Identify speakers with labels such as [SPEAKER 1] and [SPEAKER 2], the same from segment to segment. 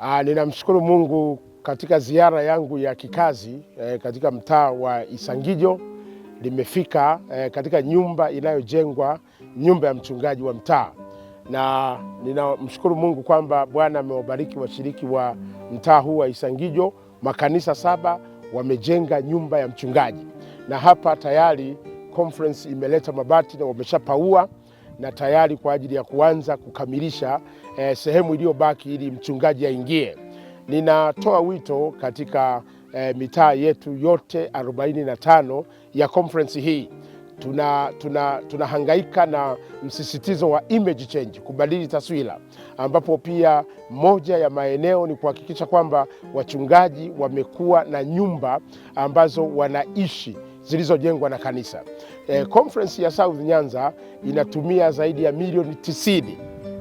[SPEAKER 1] Aa, ah, ninamshukuru Mungu katika ziara yangu ya kikazi eh, katika mtaa wa Isangijo limefika eh, katika nyumba inayojengwa nyumba ya mchungaji wa mtaa, na ninamshukuru Mungu kwamba Bwana amewabariki washiriki wa, wa mtaa huu wa Isangijo, makanisa saba wamejenga nyumba ya mchungaji, na hapa tayari conference imeleta mabati na wameshapaua na tayari kwa ajili ya kuanza kukamilisha eh, sehemu iliyobaki ili mchungaji aingie. Ninatoa wito katika eh, mitaa yetu yote 45 ya conference hii tunahangaika tuna, tuna na msisitizo wa image change, kubadili taswira, ambapo pia moja ya maeneo ni kuhakikisha kwamba wachungaji wamekuwa na nyumba ambazo wanaishi zilizojengwa na kanisa. E, conference ya South Nyanza inatumia zaidi ya milioni tisini,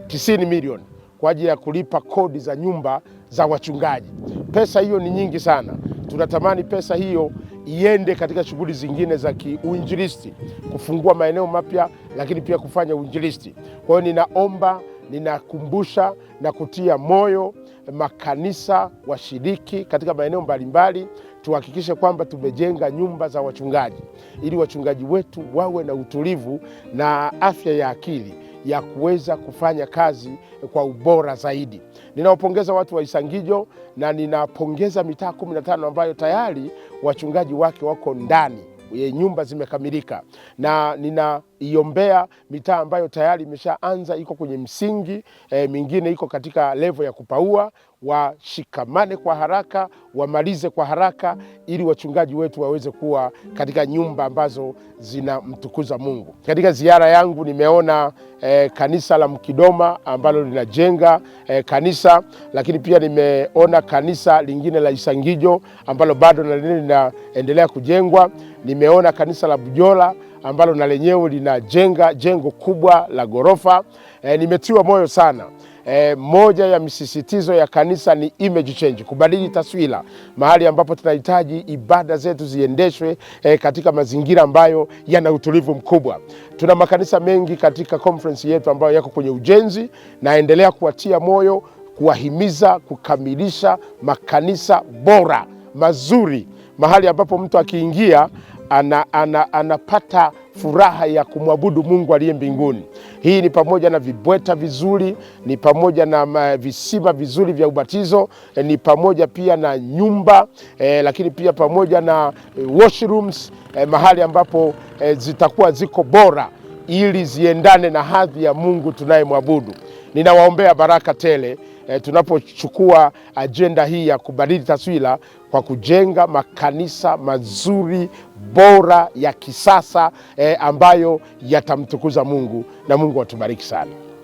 [SPEAKER 1] tisini milioni kwa ajili ya kulipa kodi za nyumba za wachungaji. Pesa hiyo ni nyingi sana, tunatamani pesa hiyo iende katika shughuli zingine za kiuinjilisti, kufungua maeneo mapya, lakini pia kufanya uinjilisti. Kwa hiyo ninaomba, ninakumbusha na kutia moyo makanisa washiriki katika maeneo mbalimbali, tuhakikishe kwamba tumejenga nyumba za wachungaji ili wachungaji wetu wawe na utulivu na afya ya akili ya kuweza kufanya kazi kwa ubora zaidi. Ninawapongeza watu wa Isangijo na ninapongeza mitaa 15 ambayo tayari wachungaji wake wako ndani nyumba zimekamilika, na ninaiombea mitaa ambayo tayari imeshaanza iko kwenye msingi e, mingine iko katika levo ya kupaua washikamane kwa haraka, wamalize kwa haraka, ili wachungaji wetu waweze kuwa katika nyumba ambazo zinamtukuza Mungu. Katika ziara yangu nimeona eh, kanisa la Mkidoma ambalo linajenga eh, kanisa, lakini pia nimeona kanisa lingine la Isangijo ambalo bado na lenyewe linaendelea kujengwa. Nimeona kanisa la Bujola ambalo na lenyewe linajenga jengo kubwa la ghorofa. Eh, nimetiwa moyo sana E, moja ya misisitizo ya kanisa ni image change, kubadili taswira, mahali ambapo tunahitaji ibada zetu ziendeshwe e, katika mazingira ambayo yana utulivu mkubwa. Tuna makanisa mengi katika conference yetu ambayo yako kwenye ujenzi, naendelea kuwatia moyo, kuwahimiza kukamilisha makanisa bora mazuri, mahali ambapo mtu akiingia ana, ana, anapata furaha ya kumwabudu Mungu aliye mbinguni. Hii ni pamoja na vibweta vizuri, ni pamoja na visima vizuri vya ubatizo, eh, ni pamoja pia na nyumba eh, lakini pia pamoja na eh, washrooms eh, mahali ambapo eh, zitakuwa ziko bora ili ziendane na hadhi ya Mungu tunayemwabudu. Ninawaombea baraka tele E, tunapochukua ajenda hii ya kubadili taswira kwa kujenga makanisa mazuri bora ya kisasa eh, ambayo yatamtukuza Mungu na Mungu atubariki sana.